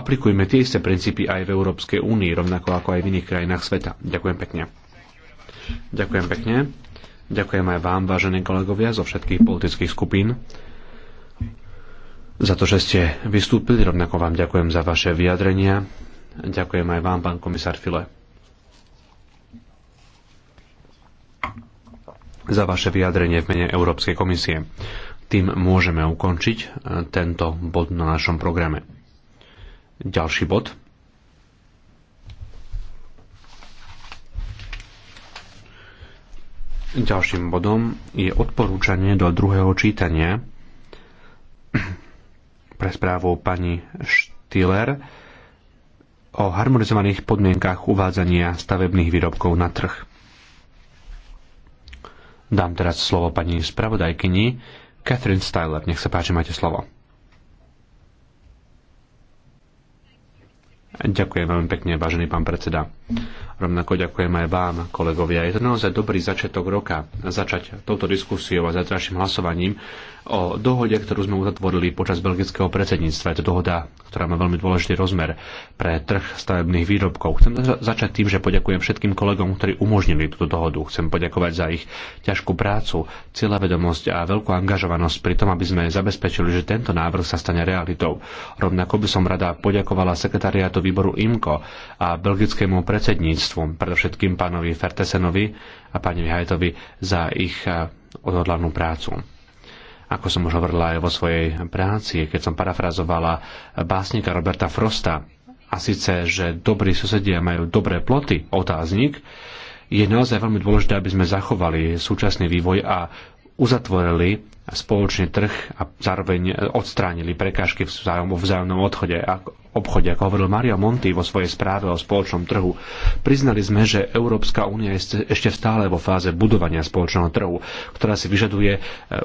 aplikujme tie isté princípy aj v Európskej únii, rovnako ako aj v iných krajinách sveta. Ďakujem pekne. Ďakujem pekne. Ďakujem aj vám, vážení kolegovia zo všetkých politických skupín, za to, že ste vystúpili. Rovnako vám ďakujem za vaše vyjadrenia. Ďakujem aj vám, pán komisár File. za vaše vyjadrenie v mene Európskej komisie. Tým môžeme ukončiť eh, tento bod na našom programe. Ďalší bod. Ďalším bodom je odporúčanie do druhého čítania pre správu pani Štiller o harmonizovaných podmienkach uvádzania stavebných výrobkov na trh. Dám teraz slovo pani spravodajkyni Catherine Styler. Nech sa páči, máte slovo. Ďakujem veľmi pekne, vážený pán predseda. Rovnako ďakujem aj vám, kolegovia. Je to naozaj dobrý začiatok roka začať touto diskusiou a zajtrajším hlasovaním o dohode, ktorú sme uzatvorili počas belgického predsedníctva. Je to dohoda, ktorá má veľmi dôležitý rozmer pre trh stavebných výrobkov. Chcem začať tým, že poďakujem všetkým kolegom, ktorí umožnili túto dohodu. Chcem poďakovať za ich ťažkú prácu, cieľavedomosť a veľkú angažovanosť pri tom, aby sme zabezpečili, že tento návrh sa stane realitou. Rovnako by som rada poďakovala sekretariátu výboru IMCO a belgickému predsedníctvu predsedníctvu, predovšetkým pánovi Fertesenovi a pani Hajtovi za ich eh, odhodlanú prácu. Ako som už hovorila aj vo svojej práci, keď som parafrazovala básnika Roberta Frosta, a síce, že dobrí susedia majú dobré ploty, otáznik, je naozaj veľmi dôležité, aby sme zachovali súčasný vývoj a uzatvorili spoločný trh a zároveň odstránili prekážky v vzájom, vzájomnom odchode, obchode, ako hovoril Mario Monti vo svojej správe o spoločnom trhu. Priznali sme, že Európska únia je ešte stále vo fáze budovania spoločného trhu, ktorá si vyžaduje e,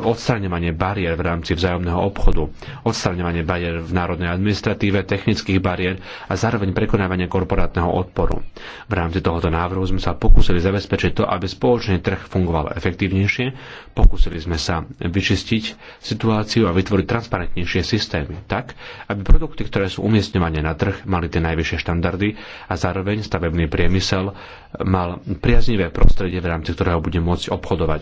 odstraňovanie bariér v rámci vzájomného obchodu, odstraňovanie bariér v národnej administratíve, technických bariér a zároveň prekonávanie korporátneho odporu. V rámci tohoto návrhu sme sa pokúsili zabezpečiť to, aby spoločný trh fungoval efektívnejšie, pokúsili sme sa vyčistiť situáciu a vytvoriť transparentnejšie systémy, tak, aby produkty, ktoré sú umiestňované príjmania na trh mali tie najvyššie štandardy a zároveň stavebný priemysel mal priaznivé prostredie, v rámci ktorého bude môcť obchodovať.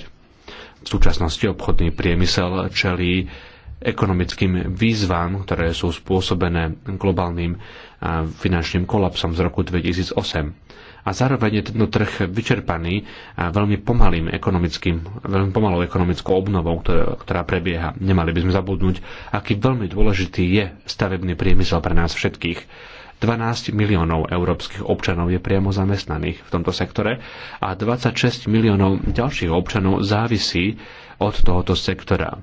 V súčasnosti obchodný priemysel čelí ekonomickým výzvam, ktoré sú spôsobené globálnym finančným kolapsom z roku 2008 a zároveň je tento trh vyčerpaný a veľmi pomalým ekonomickým, veľmi pomalou ekonomickou obnovou, ktorá, ktorá prebieha. Nemali by sme zabudnúť, aký veľmi dôležitý je stavebný priemysel pre nás všetkých. 12 miliónov európskych občanov je priamo zamestnaných v tomto sektore a 26 miliónov ďalších občanov závisí od tohoto sektora.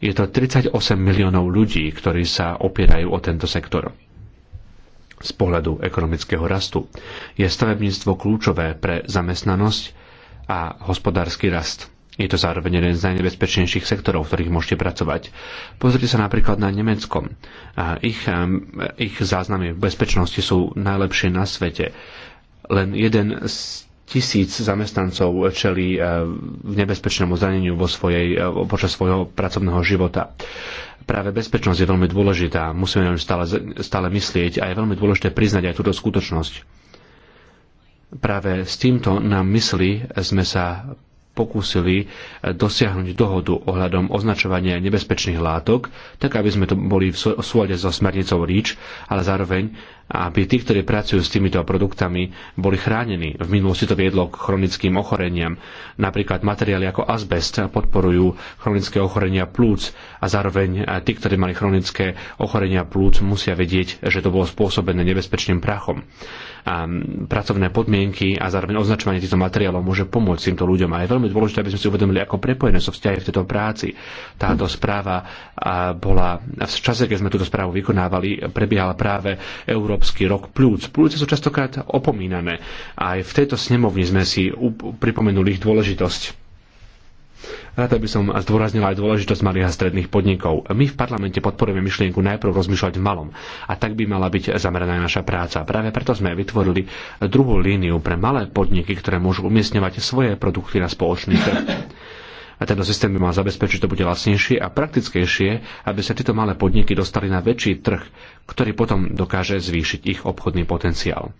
Je to 38 miliónov ľudí, ktorí sa opierajú o tento sektor z pohľadu ekonomického rastu. Je stavebníctvo kľúčové pre zamestnanosť a hospodársky rast. Je to zároveň jeden z najnebezpečnejších sektorov, v ktorých môžete pracovať. Pozrite sa napríklad na Nemeckom. Ich, ich záznamy bezpečnosti sú najlepšie na svete. Len jeden z tisíc zamestnancov čelí eh, v nebezpečnému zraneniu vo svojej, eh, počas svojho pracovného života. Práve bezpečnosť je veľmi dôležitá, musíme na ňu stále, stále myslieť a je veľmi dôležité priznať aj túto skutočnosť. Práve s týmto nám mysli sme sa pokúsili dosiahnuť dohodu ohľadom označovania nebezpečných látok, tak aby sme to boli v súlade so smernicou REACH, ale zároveň aby tí, ktorí pracujú s týmito produktami, boli chránení. V minulosti to viedlo k chronickým ochoreniam. Napríklad materiály ako azbest podporujú chronické ochorenia plúc a zároveň eh, tí, ktorí mali chronické ochorenia plúc, musia vedieť, že to bolo spôsobené nebezpečným prachom. A pracovné podmienky a zároveň označovanie týchto materiálov môže pomôcť týmto ľuďom. A je veľmi dôležité, aby sme si uvedomili, ako prepojené sú vzťahy v tejto práci. Táto správa bola v čase, keď sme túto správu vykonávali, prebiehala práve Európa Európsky rok plúc. Plúce sú častokrát opomínané aj v tejto snemovni sme si pripomenuli ich dôležitosť. Rada by som zdôraznila aj dôležitosť malých a stredných podnikov. My v parlamente podporujeme myšlienku najprv rozmýšľať v malom a tak by mala byť zameraná aj naša práca. Práve preto sme vytvorili druhú líniu pre malé podniky, ktoré môžu umiestňovať svoje produkty na spoločný trh. A tento systém by mal zabezpečiť, že to bude lacnejšie a praktickejšie, aby sa tieto malé podniky dostali na väčší trh, ktorý potom dokáže zvýšiť ich obchodný potenciál.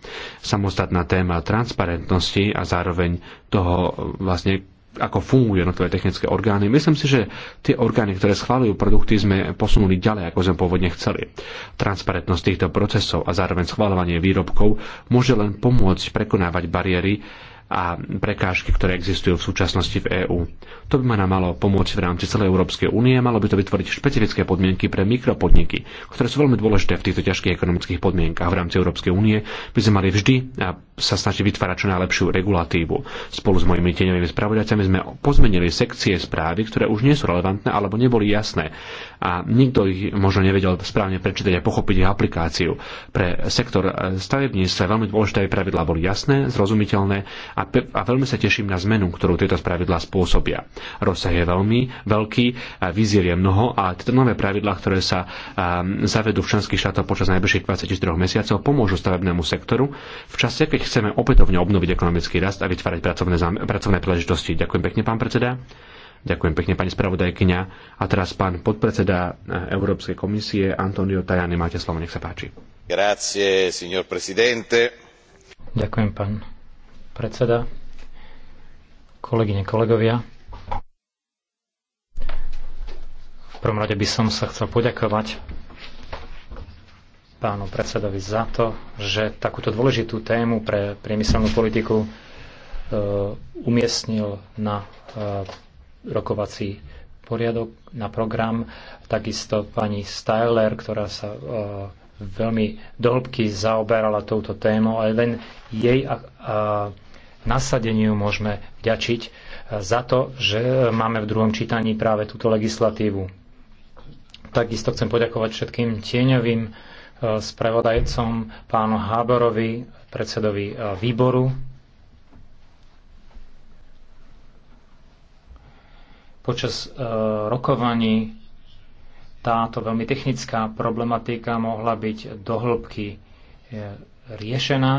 Samostatná téma transparentnosti a zároveň toho e, vlastne ako fungujú jednotlivé technické orgány. Myslím si, že tie orgány, ktoré schválujú produkty, sme posunuli ďalej, ako sme pôvodne chceli. Transparentnosť týchto procesov a zároveň schváľovanie výrobkov môže len pomôcť prekonávať bariéry, a prekážky, ktoré existujú v súčasnosti v EÚ. To by ma nám malo pomôcť v rámci celej Európskej únie, malo by to vytvoriť špecifické podmienky pre mikropodniky, ktoré sú veľmi dôležité v týchto ťažkých ekonomických podmienkach v rámci Európskej únie. By sme mali vždy sa snaží vytvárať čo najlepšiu regulatívu. Spolu s mojimi tieňovými spravodajcami sme pozmenili sekcie správy, ktoré už nie sú relevantné alebo neboli jasné a nikto ich možno nevedel správne prečítať a pochopiť ich aplikáciu. Pre sektor e, stavebníctva veľmi dôležité pravidlá boli jasné, zrozumiteľné a, a veľmi sa teším na zmenu, ktorú tieto pravidlá spôsobia. Rozsah je veľmi veľký, víziev je mnoho a tieto nové pravidlá, ktoré sa um, zavedú v členských štátoch počas najbližších 24 mesiacov, pomôžu stavebnému sektoru v čase, keď chceme opätovne obnoviť ekonomický rast a vytvárať pracovné, pracovné príležitosti. Ďakujem pekne, pán predseda. Ďakujem pekne, pani spravodajkyňa. A teraz pán podpredseda eh, Európskej komisie Antonio Tajani, máte slovo, nech sa páči. Grazie, signor presidente. Ďakujem, pán predseda. Kolegyne, kolegovia. V prvom rade by som sa chcel poďakovať pánu predsedovi za to, že takúto dôležitú tému pre priemyselnú politiku e, umiestnil na e, rokovací poriadok, na program. Takisto pani Styler, ktorá sa e, veľmi dohlbky zaoberala touto témou ale len jej nasadeniu môžeme vďačiť za to, že máme v druhom čítaní práve túto legislatívu. Takisto chcem poďakovať všetkým tieňovým prevodajcom pánu Háborovi, predsedovi e, výboru. Počas e, rokovaní táto veľmi technická problematika mohla byť dohlbky e, riešená.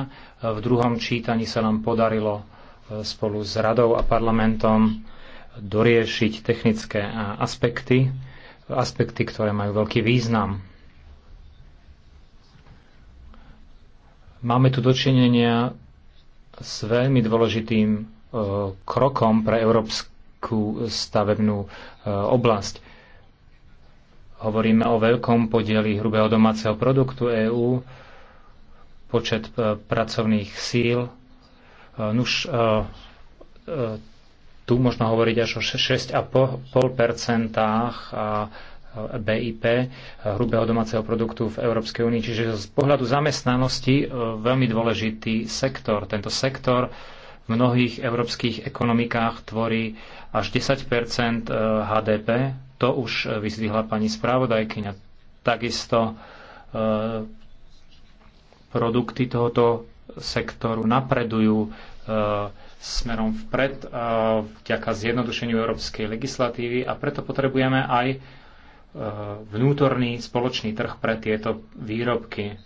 V druhom čítaní sa nám podarilo spolu s radou a parlamentom doriešiť technické aspekty, aspekty, ktoré majú veľký význam Máme tu dočinenia s veľmi dôležitým e, krokom pre európsku stavebnú e, oblasť. Hovoríme o veľkom podieli hrubého domáceho produktu EÚ, počet e, pracovných síl. Nuž, tu možno hovoriť až o 6,5% a BIP, eh, hrubého domáceho produktu v Európskej únii. Čiže z pohľadu zamestnanosti eh, veľmi dôležitý sektor. Tento sektor v mnohých európskych ekonomikách tvorí až 10 eh, HDP. To už vyzdvihla pani správodajkyňa. Takisto produkty tohoto sektoru napredujú smerom vpred vďaka zjednodušeniu európskej legislatívy a preto potrebujeme aj E, vnútorný spoločný trh pre tieto výrobky.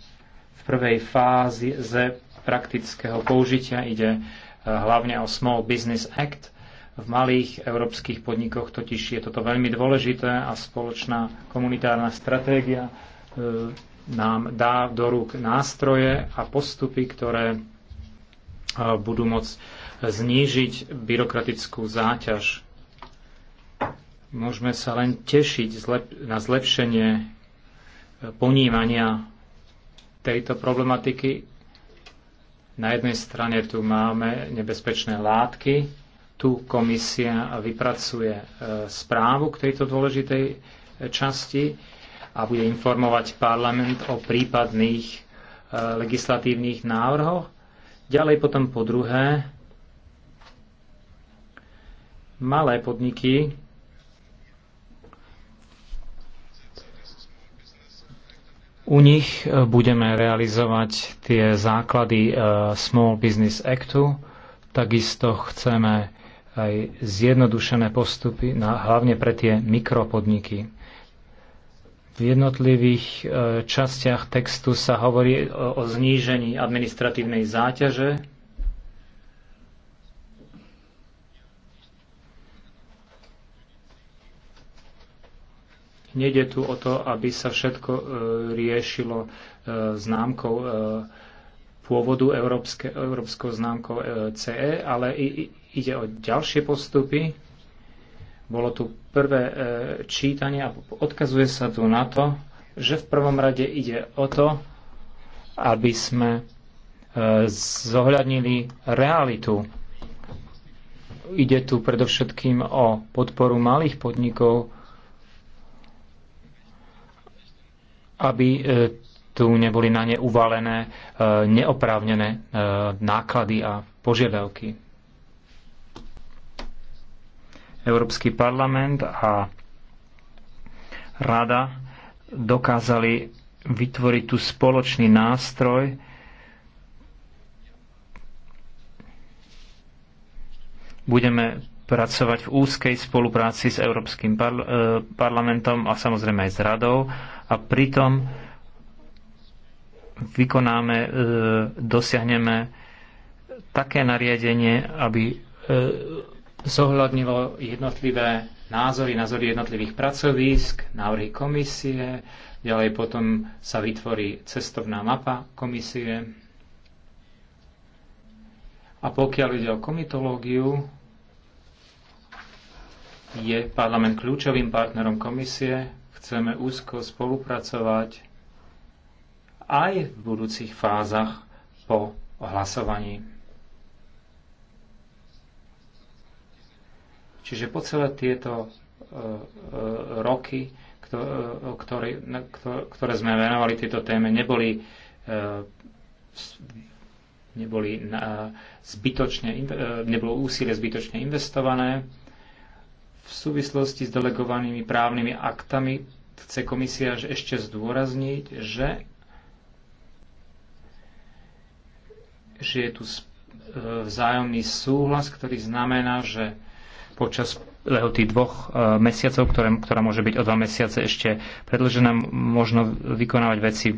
V prvej fázi ze praktického použitia ide e, hlavne o Small Business Act. V malých európskych podnikoch totiž je toto veľmi dôležité a spoločná komunitárna stratégia e, nám dá do rúk nástroje a postupy, ktoré budú môcť znížiť byrokratickú záťaž Môžeme sa len tešiť na zlepšenie e, ponímania tejto problematiky. Na jednej strane tu máme nebezpečné látky, tu komisia vypracuje e, správu k tejto dôležitej e, časti a bude informovať parlament o prípadných legislatívnych návrhoch. Ďalej potom po druhé, malé podniky U nich e, budeme realizovať tie základy e, Small Business Actu. Takisto chceme aj zjednodušené postupy, na, hlavne pre tie mikropodniky. V jednotlivých e, častiach textu sa hovorí o, o znížení administratívnej záťaže Nede tu o to, aby sa všetko e, riešilo e, známkou e, pôvodu európske, európskou známkou CE, ale i, ide o ďalšie postupy. Bolo tu prvé čítanie a odkazuje sa tu na to, že v prvom rade ide o to, aby sme zohľadnili realitu. Ide tu predovšetkým o podporu malých podnikov, aby e, tu neboli na ne uvalené e, neoprávnené e, náklady a požiadavky. Európsky parlament a rada dokázali vytvoriť tu spoločný nástroj, budeme pracovať v úzkej spolupráci s Európskym parl- parlamentom a samozrejme aj s radou a pritom vykonáme, e, dosiahneme také nariadenie, aby e, zohľadnilo jednotlivé názory, názory jednotlivých pracovísk, návrhy komisie, ďalej potom sa vytvorí cestovná mapa komisie. A pokiaľ ide o komitológiu, je parlament kľúčovým partnerom komisie chceme úzko spolupracovať aj v budúcich fázach po hlasovaní. Čiže po celé tieto e, e, roky, e, ktoré, ktoré sme venovali tieto téme, neboli, neboli zbytočne, nebolo úsilie zbytočne investované. V súvislosti s delegovanými právnymi aktami chce komisia ešte zdôrazniť, že, že je tu e, vzájomný súhlas, ktorý znamená, že počas lehoty dvoch e, mesiacov, ktoré, ktorá môže byť o dva mesiace ešte predlžená, možno vykonávať veci e,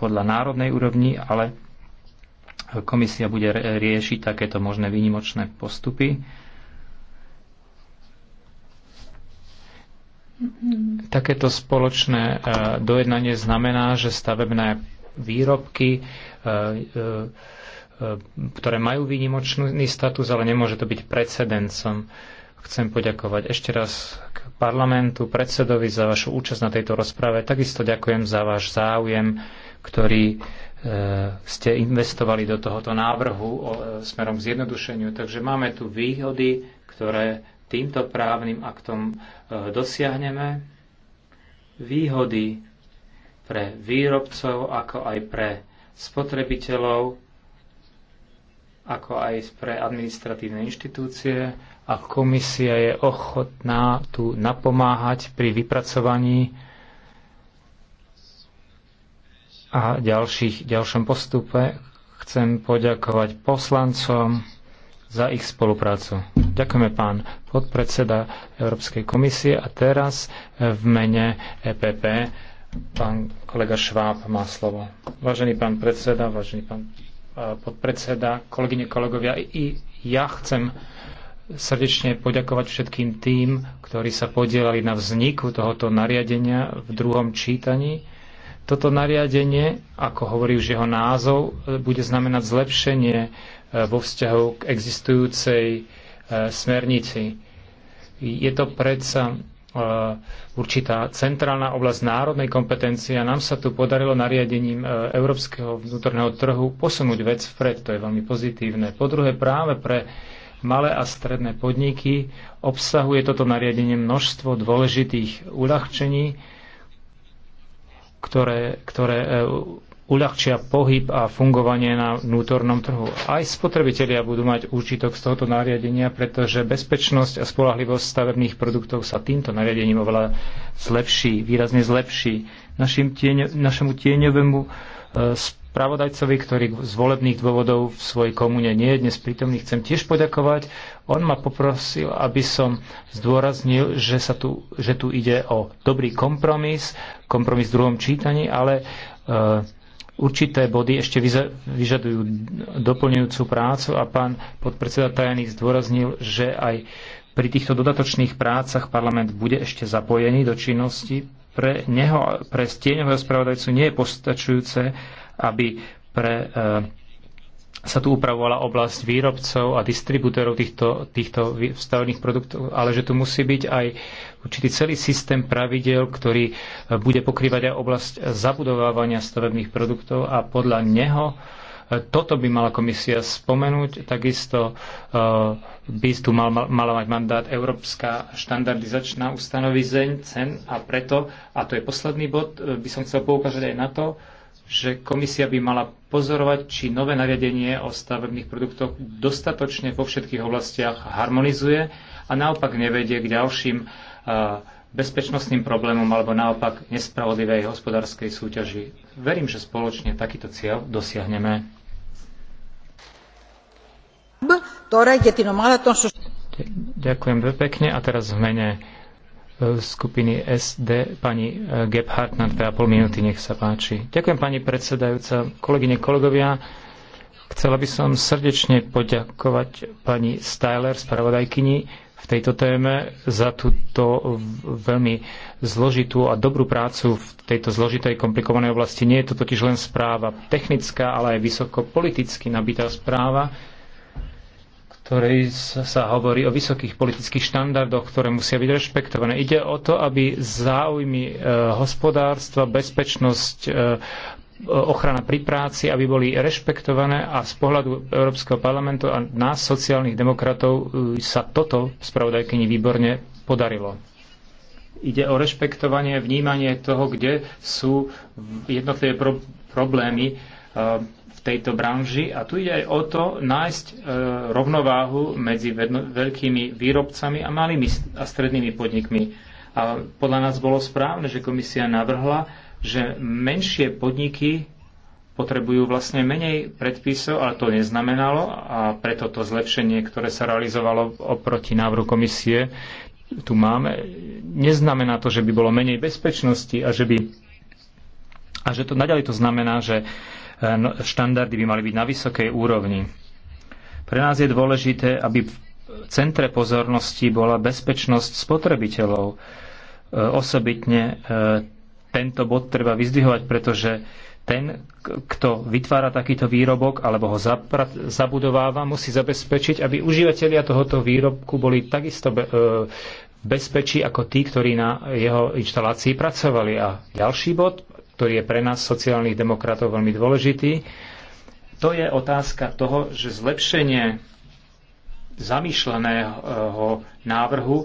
podľa národnej úrovni, ale komisia bude riešiť takéto možné výnimočné postupy. Mhm. Takéto spoločné e, dojednanie znamená, že stavebné výrobky, e, e, ktoré majú výnimočný status, ale nemôže to byť precedencom. Chcem poďakovať ešte raz k parlamentu, predsedovi za vašu účasť na tejto rozprave. Takisto ďakujem za váš záujem, ktorý ste investovali do tohoto návrhu smerom k zjednodušeniu. Takže máme tu výhody, ktoré týmto právnym aktom e, dosiahneme výhody pre výrobcov, ako aj pre spotrebiteľov, ako aj pre administratívne inštitúcie a komisia je ochotná tu napomáhať pri vypracovaní a ďalších, ďalšom postupe. Chcem poďakovať poslancom, za ich spoluprácu. Ďakujeme pán podpredseda Európskej komisie a teraz eh, v mene EPP pán kolega Šváb má slovo. Vážený pán predseda, vážený pán eh, podpredseda, kolegyne, kolegovia, i ja chcem srdečne poďakovať všetkým tým, ktorí sa podielali na vzniku tohoto nariadenia v druhom čítaní. Toto nariadenie, ako hovorí už jeho názov, eh, bude znamenať zlepšenie Eh, vo vzťahu k existujúcej eh, smernici. Je to predsa eh, určitá centrálna oblasť národnej kompetencie a nám sa tu podarilo nariadením európskeho vnútorného trhu posunúť vec vpred. To je veľmi pozitívne. Po druhé, práve pre malé a stredné podniky obsahuje toto nariadenie množstvo dôležitých uľahčení, ktoré, ktoré uľahčia pohyb a fungovanie na vnútornom trhu. Aj spotrebitelia budú mať účitok z tohoto nariadenia, pretože bezpečnosť a spolahlivosť stavebných produktov sa týmto nariadením oveľa zlepší, výrazne zlepší. Našim tieň, našemu tieňovému e, spravodajcovi, ktorý z volebných dôvodov v svojej komune nie je dnes prítomný, chcem tiež poďakovať. On ma poprosil, aby som zdôraznil, že, sa tu, že tu ide o dobrý kompromis, kompromis v druhom čítaní, ale e, určité body ešte vyžadujú doplňujúcu prácu a pán podpredseda Tajaný zdôraznil, že aj pri týchto dodatočných prácach parlament bude ešte zapojený do činnosti. Pre neho, pre stieňového spravodajcu nie je postačujúce, aby pre e, sa tu upravovala oblasť výrobcov a distribútorov týchto, týchto vstavných produktov, ale že tu musí byť aj určitý celý systém pravidel, ktorý e, bude pokrývať aj oblasť zabudovávania stavebných produktov a podľa neho e, toto by mala komisia spomenúť, takisto e, by tu mal, mala mať mandát Európska štandardizačná ustanovizeň cen a preto, a to je posledný bod, by som chcel poukázať aj na to, že komisia by mala pozorovať, či nové nariadenie o stavebných produktoch dostatočne vo všetkých oblastiach harmonizuje a naopak nevedie k ďalším eh, bezpečnostným problémom alebo naopak nespravodlivej hospodárskej súťaži. Verím, že spoločne takýto cieľ dosiahneme. Ďakujem veľmi pekne a teraz v mene E, skupiny SD, pani e, Gebhardt, na 2,5 minúty, nech sa páči. Ďakujem, pani predsedajúca, kolegyne, kolegovia. Chcela by som srdečne poďakovať pani Styler, spravodajkyni, v tejto téme za túto veľmi zložitú a dobrú prácu v tejto zložitej, komplikovanej oblasti. Nie je to totiž len správa technická, ale aj vysoko politicky nabitá správa, ktorej sa hovorí o vysokých politických štandardoch, ktoré musia byť rešpektované. Ide o to, aby záujmy e, hospodárstva, bezpečnosť, e, ochrana pri práci, aby boli rešpektované a z pohľadu Európskeho parlamentu a nás, sociálnych demokratov, e, sa toto spravodajkyni výborne podarilo. Ide o rešpektovanie, vnímanie toho, kde sú jednotlivé pro- problémy tejto branži a tu ide aj o to nájsť e, rovnováhu medzi veľkými výrobcami a malými a strednými podnikmi. A podľa nás bolo správne, že komisia navrhla, že menšie podniky potrebujú vlastne menej predpisov, ale to neznamenalo a preto to zlepšenie, ktoré sa realizovalo oproti návru komisie, tu máme, neznamená to, že by bolo menej bezpečnosti a že by a že to naďalej to znamená, že uh, E, no, štandardy by mali byť na vysokej úrovni. Pre nás je dôležité, aby v centre pozornosti bola bezpečnosť spotrebiteľov. E, osobitne e, tento bod treba vyzdvihovať, pretože ten, kto vytvára takýto výrobok alebo ho zabudováva, musí zabezpečiť, aby užívateľia tohoto výrobku boli takisto bezpečí ako tí, ktorí na jeho inštalácii pracovali. A ďalší bod, ktorý je pre nás sociálnych demokratov veľmi dôležitý. To je otázka toho, že zlepšenie zamýšľaného návrhu e,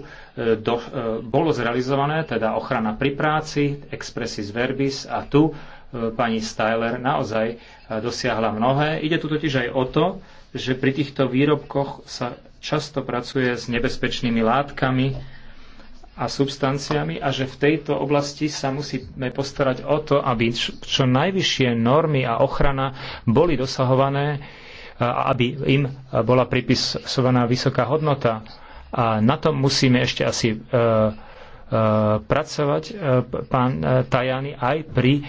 do, e, bolo zrealizované, teda ochrana pri práci, expressis verbis a tu e, pani Styler naozaj dosiahla mnohé. Ide tu totiž aj o to, že pri týchto výrobkoch sa často pracuje s nebezpečnými látkami, a substanciami a že v tejto oblasti sa musíme postarať o to, aby čo najvyššie normy a ochrana boli dosahované a aby im bola pripisovaná vysoká hodnota. A na tom musíme ešte asi e, e, pracovať, e, pán Tajany, aj pri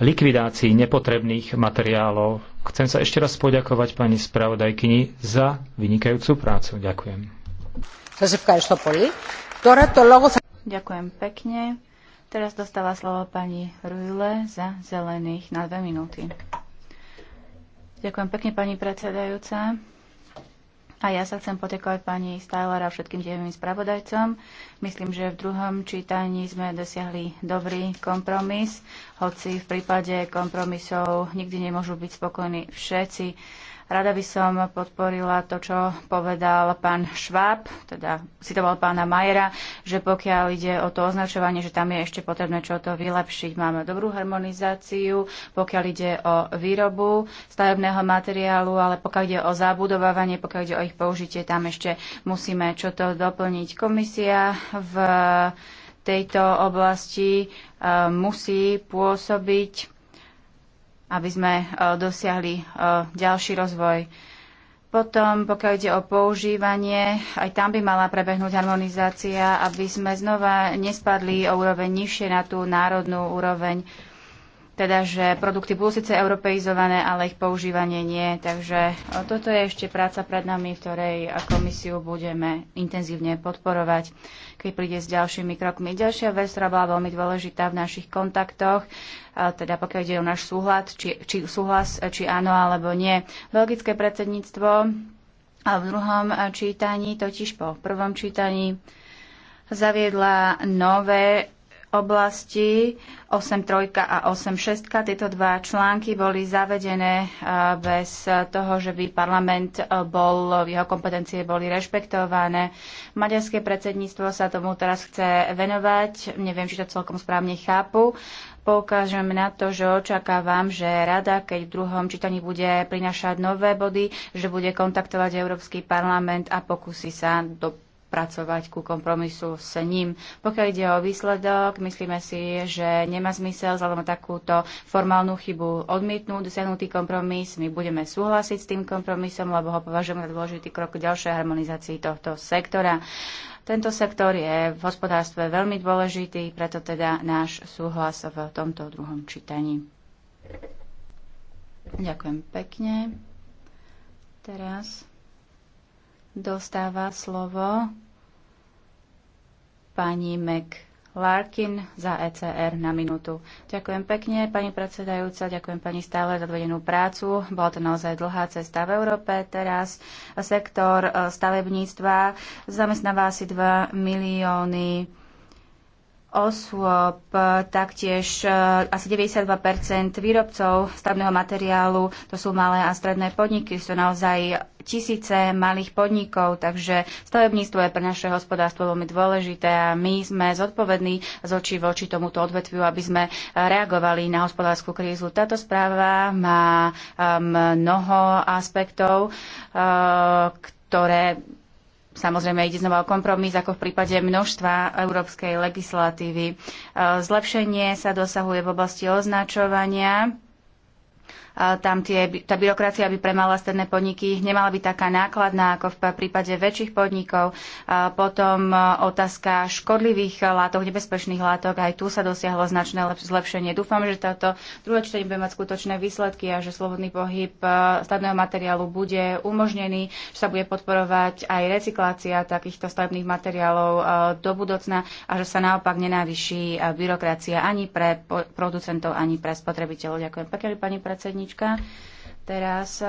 likvidácii nepotrebných materiálov. Chcem sa ešte raz poďakovať pani spravodajkyni za vynikajúcu prácu. Ďakujem. Ďakujem pekne. Teraz dostáva slovo pani Rujle za zelených na dve minúty. Ďakujem pekne, pani predsedajúca. A ja sa chcem potekovať pani Styler a všetkým dejovým spravodajcom. Myslím, že v druhom čítaní sme dosiahli dobrý kompromis, hoci v prípade kompromisov nikdy nemôžu byť spokojní všetci. Rada by som podporila to, čo povedal pán Šváb, teda citoval pána Majera, že pokiaľ ide o to označovanie, že tam je ešte potrebné čo to vylepšiť. Máme dobrú harmonizáciu, pokiaľ ide o výrobu stavebného materiálu, ale pokiaľ ide o zabudovávanie, pokiaľ ide o ich použitie, tam ešte musíme čo to doplniť. Komisia v tejto oblasti e, musí pôsobiť aby sme e, dosiahli e, ďalší rozvoj. Potom, pokiaľ ide o používanie, aj tam by mala prebehnúť harmonizácia, aby sme znova nespadli o úroveň nižšie na tú národnú úroveň teda, že produkty budú síce europeizované, ale ich používanie nie. Takže toto je ešte práca pred nami, v ktorej komisiu budeme intenzívne podporovať, keď príde s ďalšími krokmi. Ďalšia vec, ktorá bola veľmi dôležitá v našich kontaktoch, teda pokiaľ ide o náš súhlas, či, či súhlas, či áno alebo nie. Belgické predsedníctvo a v druhom čítaní, totiž po prvom čítaní, zaviedla nové oblasti 8.3 a 8.6. Tieto dva články boli zavedené e, bez toho, že by parlament e, bol, jeho kompetencie boli rešpektované. Maďarské predsedníctvo sa tomu teraz chce venovať. Neviem, či to celkom správne chápu. Poukážem na to, že očakávam, že rada, keď v druhom čítaní bude prinašať nové body, že bude kontaktovať Európsky parlament a pokusí sa do pracovať ku kompromisu s ním. Pokiaľ ide o výsledok, myslíme si, že nemá zmysel vzhľadom takúto formálnu chybu odmietnúť dosiahnutý kompromis. My budeme súhlasiť s tým kompromisom, lebo ho považujeme za dôležitý krok k ďalšej harmonizácii tohto sektora. Tento sektor je v hospodárstve veľmi dôležitý, preto teda náš súhlas v tomto druhom čítaní. Ďakujem pekne. Teraz dostáva slovo pani Mac Larkin za ECR na minútu. Ďakujem pekne, pani predsedajúca, ďakujem pani stále za dvedenú prácu. Bola to naozaj dlhá cesta v Európe. Teraz sektor e, stavebníctva zamestnáva asi 2 milióny osôb, taktiež e, asi 92 výrobcov stavného materiálu, to sú malé a stredné podniky, sú naozaj tisíce malých podnikov, takže stavebníctvo je pre naše hospodárstvo veľmi dôležité a my sme zodpovední z očí voči tomuto odvetviu, aby sme reagovali na hospodárskú krízu. Táto správa má e, mnoho aspektov, e, ktoré Samozrejme, ide znova o kompromis, ako v prípade množstva európskej legislatívy. E, zlepšenie sa dosahuje v oblasti označovania tam tie, tá byrokracia by pre malé stredné podniky nemala byť taká nákladná ako v prípade väčších podnikov. Potom e, otázka škodlivých látok, nebezpečných látok, aj tu sa dosiahlo značné zlepšenie. Dúfam, že táto druhé čtenie bude mať skutočné výsledky a že slobodný pohyb e, stavebného materiálu bude umožnený, že sa bude podporovať aj recyklácia takýchto stavebných materiálov e, do budúcna a že sa naopak nenávyší byrokracia ani pre producentov, ani pre spotrebiteľov. Ďakujem pekne, pani predsedníčka rečníčka. Teraz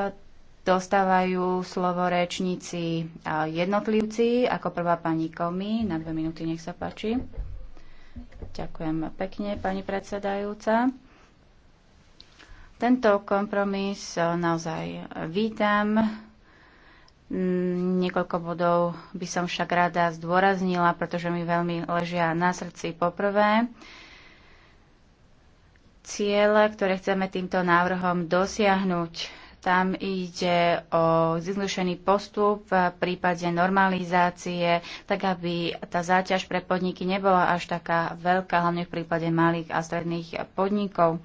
dostávajú slovo rečníci jednotlivci, ako prvá pani Komi. Na dve minúty nech sa páči. Ďakujem pekne, pani predsedajúca. Tento kompromis naozaj vítam. Mm, niekoľko bodov by som však rada zdôraznila, pretože mi veľmi ležia na srdci poprvé. prvé ciele, ktoré chceme týmto návrhom dosiahnuť. Tam ide o zjednodušený postup v prípade normalizácie, tak aby tá záťaž pre podniky nebola až taká veľká, hlavne v prípade malých a stredných podnikov.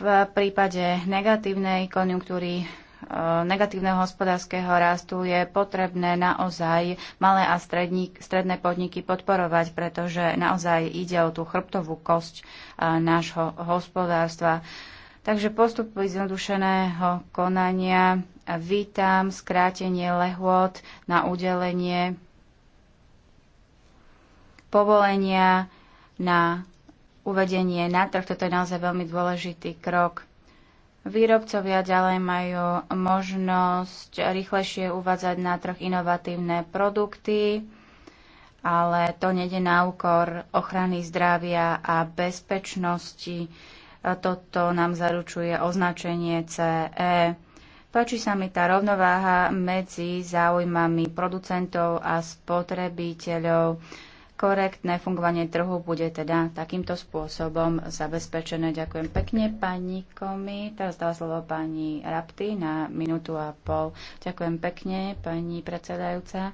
V prípade negatívnej konjunktúry Eh, negatívneho hospodárskeho rastu je potrebné naozaj malé a strední, stredné podniky podporovať, pretože naozaj ide o tú chrbtovú kosť eh, nášho hospodárstva. Takže postup zjednodušeného konania vítam skrátenie lehôd na udelenie povolenia na uvedenie na trh. Toto je naozaj veľmi dôležitý krok. Výrobcovia ďalej majú možnosť rýchlejšie uvádzať na trh inovatívne produkty, ale to nede na úkor ochrany zdravia a bezpečnosti. Toto nám zaručuje označenie CE. Páči sa mi tá rovnováha medzi záujmami producentov a spotrebiteľov Korektné fungovanie trhu bude teda takýmto spôsobom zabezpečené. Ďakujem pekne pani Komi. Teraz dá slovo pani Rapty na minútu a pol. Ďakujem pekne pani predsedajúca.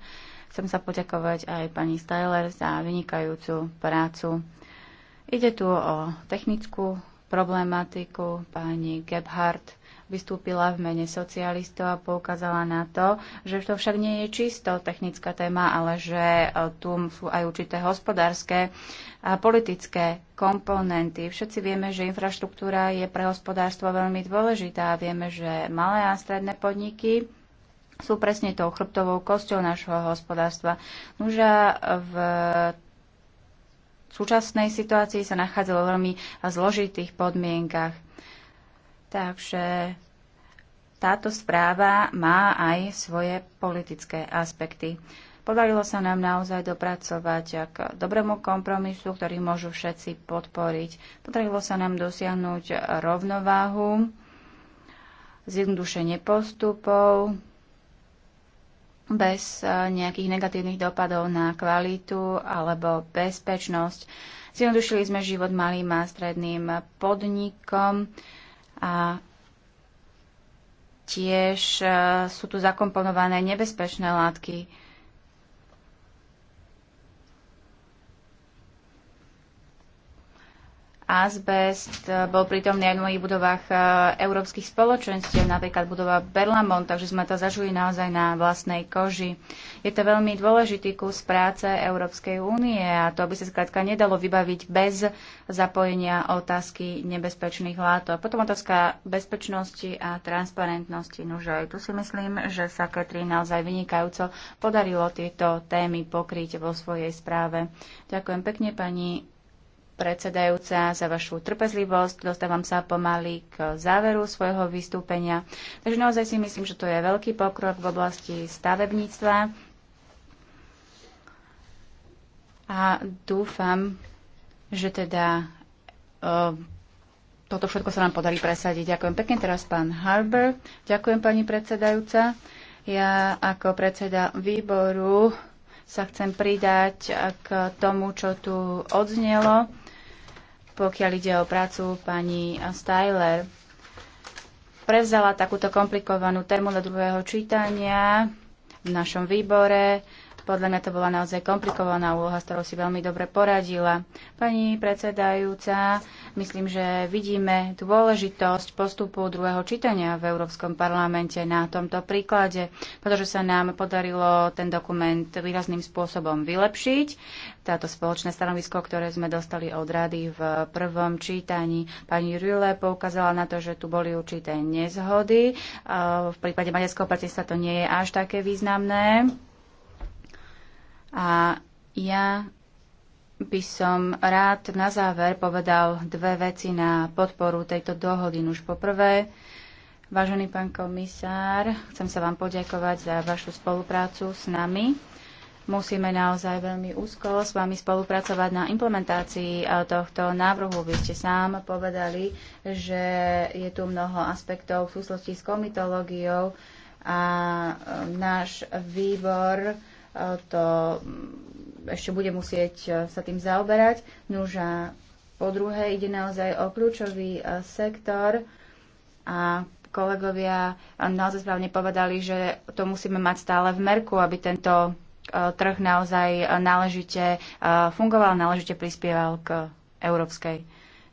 Chcem sa poďakovať aj pani Styler za vynikajúcu prácu. Ide tu o technickú problematiku. Pani Gebhardt vystúpila v mene socialistov a poukázala na to, že to však nie je čisto technická téma, ale že e, tu sú aj určité hospodárske a politické komponenty. Všetci vieme, že infraštruktúra je pre hospodárstvo veľmi dôležitá. Vieme, že malé a stredné podniky sú presne tou chrbtovou kosťou našho hospodárstva. Nože v súčasnej situácii sa nachádzalo v veľmi zložitých podmienkach. Takže táto správa má aj svoje politické aspekty. Podarilo sa nám naozaj dopracovať k dobrému kompromisu, ktorý môžu všetci podporiť. Podarilo sa nám dosiahnuť rovnováhu, zjednodušenie postupov, bez nejakých negatívnych dopadov na kvalitu alebo bezpečnosť. Zjednodušili sme život malým a stredným podnikom a tiež e, sú tu zakomponované nebezpečné látky, Azbest e, bol prítomný aj v mnohých budovách e, európskych spoločenstiev, napríklad budova Berlamont, takže sme to zažili naozaj na vlastnej koži. Je to veľmi dôležitý kus práce Európskej únie a to by sa skrátka nedalo vybaviť bez zapojenia otázky nebezpečných látok. Potom otázka bezpečnosti a transparentnosti. Nože aj tu si myslím, že sa Katrin naozaj vynikajúco podarilo tieto témy pokryť vo svojej správe. Ďakujem pekne pani predsedajúca, za vašu trpezlivosť. Dostávam sa pomaly k záveru svojho vystúpenia. Takže naozaj si myslím, že to je veľký pokrok v oblasti stavebníctva. A dúfam, že teda o, e, toto všetko sa nám podarí presadiť. Ďakujem pekne teraz pán Harber. Ďakujem pani predsedajúca. Ja ako predseda výboru sa chcem pridať k tomu, čo tu odznelo pokiaľ ide o prácu pani Styler. Prevzala takúto komplikovanú tému do druhého čítania v našom výbore. Podľa mňa to bola naozaj komplikovaná úloha, s ktorou si veľmi dobre poradila. Pani predsedajúca, Myslím, že vidíme dôležitosť postupu druhého čítania v Európskom parlamente na tomto príklade, pretože sa nám podarilo ten dokument výrazným spôsobom vylepšiť. Táto spoločné stanovisko, ktoré sme dostali od rady v prvom čítaní, pani Rüle poukázala na to, že tu boli určité nezhody. V prípade maďarského predsedstva to nie je až také významné. A ja by som rád na záver povedal dve veci na podporu tejto dohody. Už poprvé, vážený pán komisár, chcem sa vám poďakovať za vašu spoluprácu s nami. Musíme naozaj veľmi úzko s vami spolupracovať na implementácii eh, tohto návrhu. Vy ste sám povedali, že je tu mnoho aspektov v súslosti s komitológiou a eh, náš výbor eh, to ešte bude musieť e, sa tým zaoberať. Nuž a po druhé ide naozaj o kľúčový e, sektor a kolegovia e, naozaj správne povedali, že to musíme mať stále v merku, aby tento trh naozaj náležite fungoval, náležite prispieval k európskej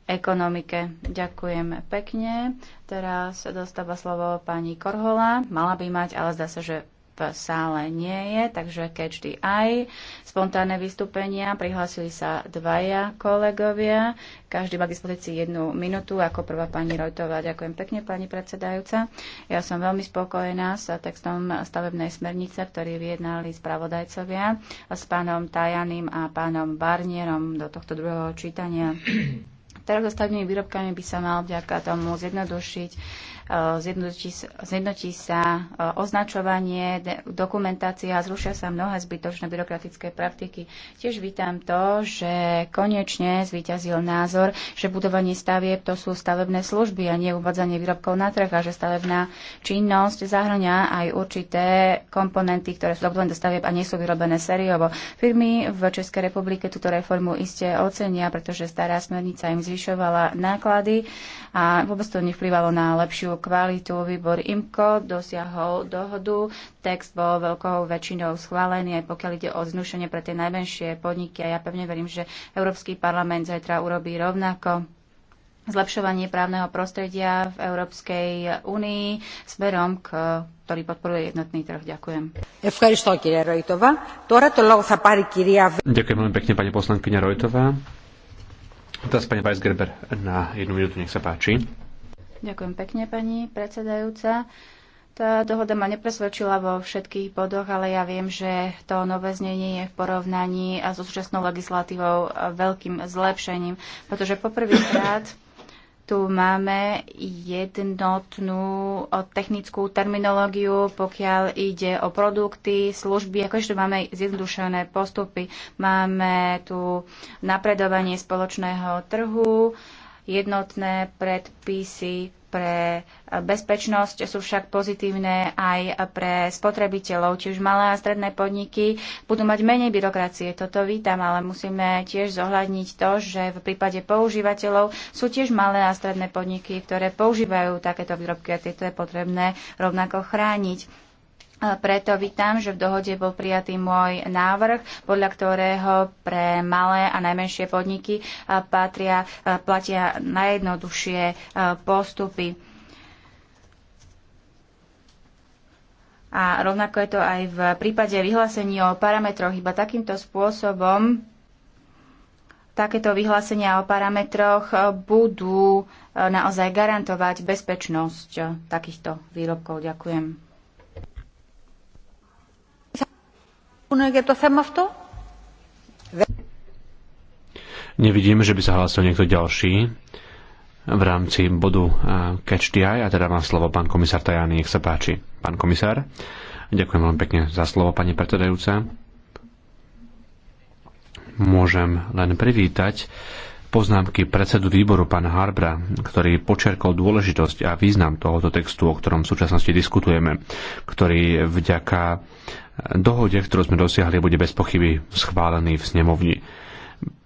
ekonomike. Ďakujem pekne. Teraz dostáva slovo pani Korhola. Mala by mať, ale zdá sa, že v sále nie je, takže keď aj spontánne vystúpenia, prihlásili sa dvaja kolegovia, každý má k dispozícii jednu minútu, ako prvá pani Rojtová. Ďakujem pekne, pani predsedajúca. Ja som veľmi spokojená s textom stavebnej smernice, ktorý vyjednali spravodajcovia s pánom Tajaným a pánom Barnierom do tohto druhého čítania. Teraz so stavebnými výrobkami by sa mal vďaka tomu zjednodušiť zjednotí, zjednotí sa e, označovanie, dokumentácia a zrušia sa mnohé zbytočné byrokratické praktiky. Tiež vítam to, že konečne zvíťazil názor, že budovanie stavieb to sú stavebné služby a nie uvádzanie výrobkov na trh a že stavebná činnosť zahrňa aj určité komponenty, ktoré sú dovolené do stavieb a nie sú vyrobené sériovo. Firmy v Českej republike túto reformu iste ocenia, pretože stará smernica im zvyšovala náklady a vôbec to nevplyvalo na lepšiu kvalitu. Výbor IMKO dosiahol dohodu. Text bol veľkou väčšinou schválený, aj pokiaľ ide o znušenie pre tie najmenšie podniky. A ja pevne verím, že Európsky parlament zajtra urobí rovnako zlepšovanie právneho prostredia v Európskej únii smerom k ktorý podporuje jednotný trh. Ďakujem. Ďakujem veľmi pekne pani poslankyňa Rojtová. Teraz pani Weisgerber na jednu minútu, nech sa páči. Ďakujem pekne, pani predsedajúca. Tá dohoda ma nepresvedčila vo všetkých bodoch, ale ja viem, že to nové znenie je v porovnaní a so súčasnou legislatívou veľkým zlepšením, pretože poprvýkrát tu máme jednotnú technickú terminológiu, pokiaľ ide o produkty, služby, akože tu máme zjednodušené postupy. Máme tu napredovanie spoločného trhu, Jednotné predpisy pre bezpečnosť sú však pozitívne aj pre spotrebiteľov, či už malé a stredné podniky budú mať menej byrokracie. Toto vítam, ale musíme tiež zohľadniť to, že v prípade používateľov sú tiež malé a stredné podniky, ktoré používajú takéto výrobky a tieto je potrebné rovnako chrániť. Preto vítam, že v dohode bol prijatý môj návrh, podľa ktorého pre malé a najmenšie podniky patria, platia najjednoduchšie postupy. A rovnako je to aj v prípade vyhlásení o parametroch. Iba takýmto spôsobom takéto vyhlásenia o parametroch budú naozaj garantovať bezpečnosť takýchto výrobkov. Ďakujem. Nevidím, že by sa hlásil niekto ďalší v rámci bodu eh, Catch the Eye a teda má slovo pán komisár Tajani, nech sa páči. Pán komisár, ďakujem veľmi pekne za slovo, pani predsedajúca. Môžem len privítať poznámky predsedu výboru pána Harbra, ktorý počerkol dôležitosť a význam tohoto textu, o ktorom v súčasnosti diskutujeme, ktorý vďaka dohode, ktorú sme dosiahli, bude bez pochyby schválený v snemovni.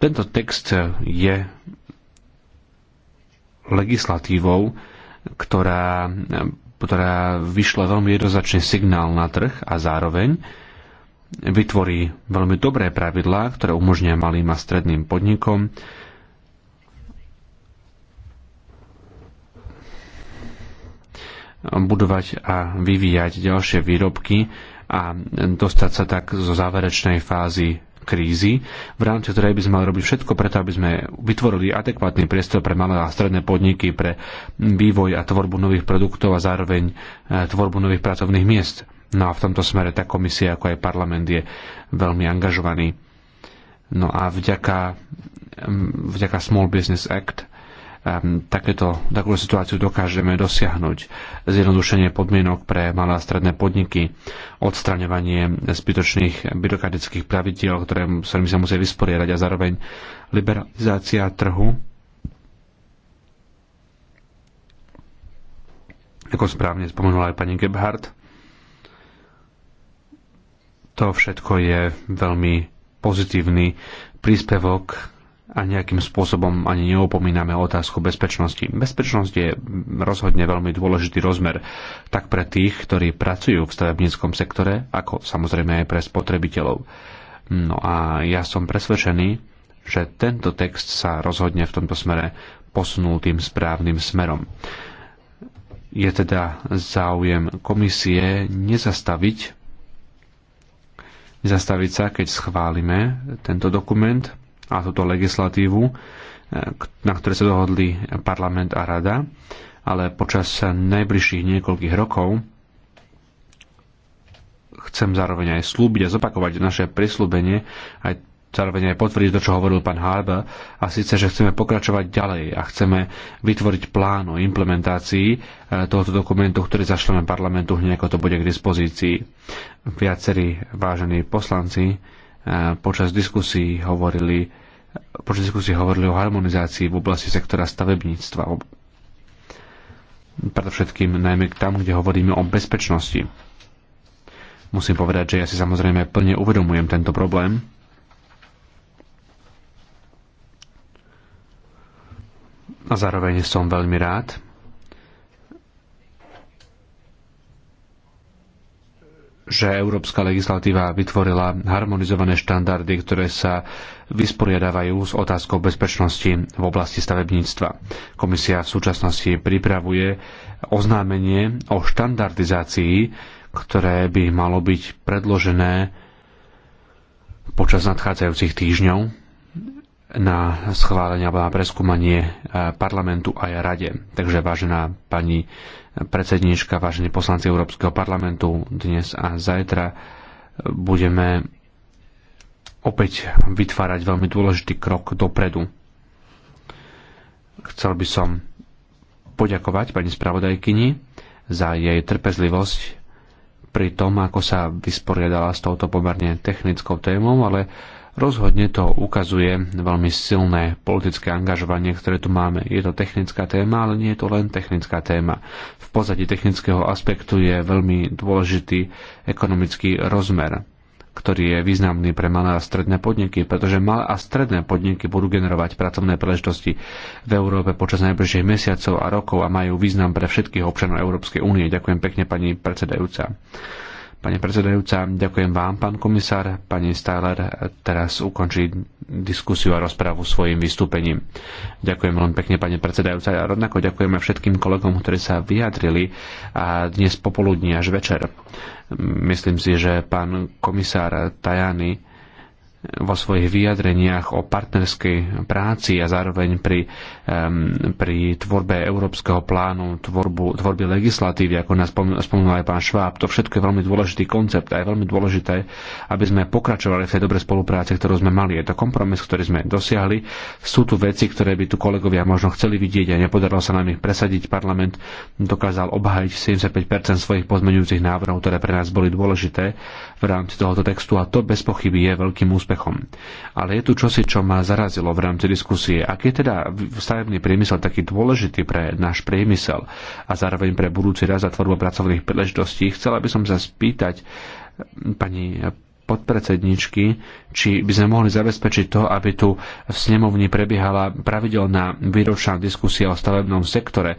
Tento text je legislatívou, ktorá, ktorá vyšla veľmi jednoznačný signál na trh a zároveň vytvorí veľmi dobré pravidlá, ktoré umožňuje malým a stredným podnikom budovať a vyvíjať ďalšie výrobky a dostať sa tak zo záverečnej fázy krízy, v rámci ktorej by sme mali robiť všetko preto, aby sme vytvorili adekvátny priestor pre malé a stredné podniky, pre vývoj a tvorbu nových produktov a zároveň e, tvorbu nových pracovných miest. No a v tomto smere tá komisia, ako aj parlament je veľmi angažovaný. No a vďaka, vďaka Small Business Act Ehm, takéto, takú situáciu dokážeme dosiahnuť. Zjednodušenie podmienok pre malé a stredné podniky, odstraňovanie zbytočných byrokratických pravidiel, ktoré, s ktorými sa musia vysporiadať a zároveň liberalizácia trhu ako správne spomenula aj pani Gebhardt. To všetko je veľmi pozitívny príspevok a nejakým spôsobom ani neopomíname otázku bezpečnosti. Bezpečnosť je rozhodne veľmi dôležitý rozmer, tak pre tých, ktorí pracujú v stavebníckom sektore, ako samozrejme aj pre spotrebiteľov. No a ja som presvedčený, že tento text sa rozhodne v tomto smere posunul tým správnym smerom. Je teda záujem komisie nezastaviť, nezastaviť sa, keď schválime tento dokument, a túto legislatívu, e, na ktoré sa dohodli parlament a rada, ale počas najbližších niekoľkých rokov chcem zároveň aj slúbiť a zopakovať naše prislúbenie, aj zároveň aj potvrdiť to, čo hovoril pán Harba, a síce, že chceme pokračovať ďalej a chceme vytvoriť plán o implementácii e, tohoto dokumentu, ktorý zašleme parlamentu, hneď ako to bude k dispozícii. Viacerí vážení poslanci počas diskusí hovorili počas diskusí hovorili o harmonizácii v oblasti sektora stavebníctva. Predovšetkým najmä tam, kde hovoríme o bezpečnosti. Musím povedať, že ja si samozrejme plne uvedomujem tento problém, a zároveň som veľmi rád, že európska legislatíva vytvorila harmonizované štandardy, ktoré sa vysporiadávajú s otázkou bezpečnosti v oblasti stavebníctva. Komisia v súčasnosti pripravuje oznámenie o štandardizácii, ktoré by malo byť predložené počas nadchádzajúcich týždňov na schválenie alebo na preskúmanie e, parlamentu aj rade. Takže vážená pani predsedníčka, vážení poslanci Európskeho parlamentu, dnes a zajtra e, budeme opäť vytvárať veľmi dôležitý krok dopredu. Chcel by som poďakovať pani spravodajkyni za jej trpezlivosť pri tom, ako sa vysporiadala s touto pomerne technickou témou, ale Rozhodne to ukazuje veľmi silné politické angažovanie, ktoré tu máme. Je to technická téma, ale nie je to len technická téma. V pozadí technického aspektu je veľmi dôležitý ekonomický rozmer ktorý je významný pre malé a stredné podniky, pretože malé a stredné podniky budú generovať pracovné príležitosti v Európe počas najbližších mesiacov a rokov a majú význam pre všetkých občanov Európskej únie. Ďakujem pekne, pani predsedajúca. Pani predsedajúca, ďakujem vám, pán komisár. Pani Stáler teraz ukončí diskusiu a rozprávu svojim vystúpením. Ďakujem veľmi pekne, pani predsedajúca. A rovnako ďakujeme všetkým kolegom, ktorí sa vyjadrili a dnes popoludní až večer. Myslím si, že pán komisár Tajany vo svojich vyjadreniach o partnerskej práci a zároveň pri, um, pri tvorbe európskeho plánu, tvorbu, tvorby legislatívy, ako nás spomínal aj pán Šváb. To všetko je veľmi dôležitý koncept a je veľmi dôležité, aby sme pokračovali v tej dobrej spolupráci, ktorú sme mali. Je to kompromis, ktorý sme dosiahli. Sú tu veci, ktoré by tu kolegovia možno chceli vidieť a nepodarilo sa nám ich presadiť. Parlament dokázal obhajiť 75% svojich pozmeňujúcich návrhov, ktoré pre nás boli dôležité v rámci tohoto textu a to bez pochyby je veľkým úspechom úspechom. Ale je tu čosi, čo ma zarazilo v rámci diskusie. Ak je teda stavebný priemysel taký dôležitý pre náš priemysel a zároveň pre budúci raz a tvorbu pracovných príležitostí, chcela by som sa spýtať pani podpredsedničky, či by sme mohli zabezpečiť to, aby tu v snemovni prebiehala pravidelná výročná diskusia o stavebnom sektore,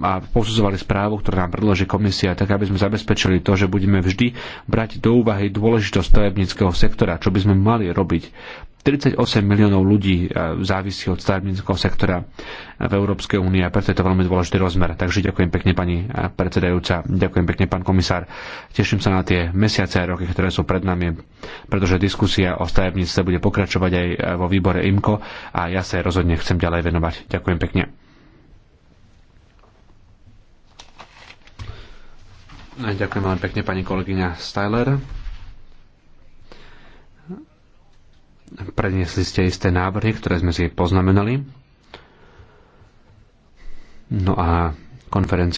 a posudzovali správu, ktorú nám predloží komisia, tak aby sme zabezpečili to, že budeme vždy brať do úvahy dôležitosť stavebníckého sektora, čo by sme mali robiť. 38 miliónov ľudí e, závisí od stavebníckého sektora v Európskej únii a preto je to veľmi dôležitý rozmer. Takže ďakujem pekne pani e, predsedajúca, ďakujem pekne pán komisár. Teším sa na tie mesiace a roky, ktoré sú pred nami, pretože diskusia o stavebníctve bude pokračovať aj e, vo výbore IMKO a ja sa rozhodne chcem ďalej venovať. Ďakujem pekne. Ďakujem veľmi pekne pani kolegyňa Styler. Predniesli ste isté návrhy, ktoré sme si poznamenali. No a konferencia